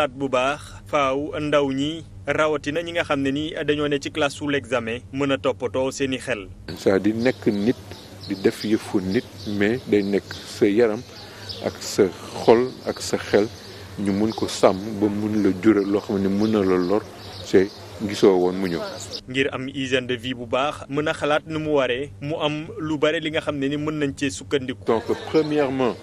xalaat bu baax faaw ndaw ñi rawatina ñi nga xam ne ni dañoo ne ci classe sous l'examen mën a toppatoo seen xel. cest à nekk nit di def yëfu nit mais day nekk sa yaram ak sa xol ak sa xel ñu mun ko sàmm ba mun la jural loo xam ne mun na la lor c'est gisoo woon mu ñëw. ngir am hygiène de vie bu baax. mën a xalaat nu mu waree mu am lu bare li nga xam ne ni mën nañ cee sukkandiku. donc premièrement.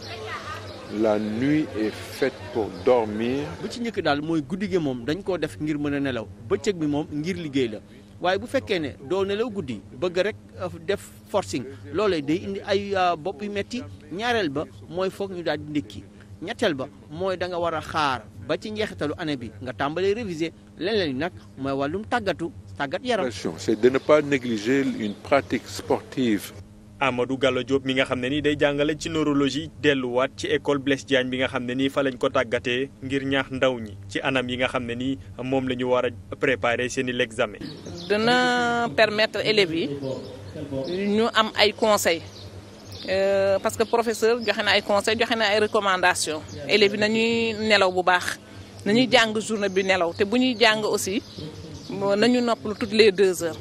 la nuit est faite pour dormir. bu ci njëkk daal mooy guddi gi moom dañ koo def ngir mën a nelaw bëccëg bi moom ngir liggéey la waaye bu fekkee ne doo nelaw guddi bëgg rek euh, def forcing loolee day indi ay euh, bopp yu metti ñaareel ba mooy foog ñu daal di ndékki ñetteel ba mooy da nga war a xaar ba ci njeexitalu année bi nga tàmbalee réviser leneen li nag mooy wàllum tàggatu tàggat yaram. c'est de ne pas négliger une pratique sportive. Amadou Gallo Diop mi nga xam ne nii day jàngale ci neurologie delluwaat ci école Blaise Diagne bi nga xam ne nii fa lañ ko tàggatee ngir ñaax ndaw ñi ci anam yi nga xam ne nii moom la ñu war a préparer seen i l'examen. dana permettre élèves yi ñu am ay conseils euh, parce que professeur joxe na ay conseils joxe na ay recommandations élèves yi ñuy nelaw bu baax nañuy jàng journée bi nelaw te bu ñuy jàng aussi nañu noppalu toutes les deux heures.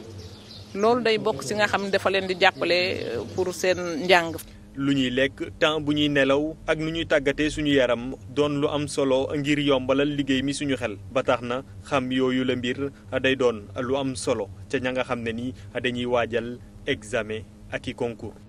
loolu day bokk si nga xam ne dafa leen di jàppale euh, pour seen njàng. lu ñuy lekk temps bu ñuy nelaw ak nu ñuy tàggatee suñu yaram doon lu am solo ngir yombalal liggéey mi suñu xel ba tax na xam yooyu la mbir day doon lu am solo ca ña nga xam ne nii dañuy waajal examen ak i concours.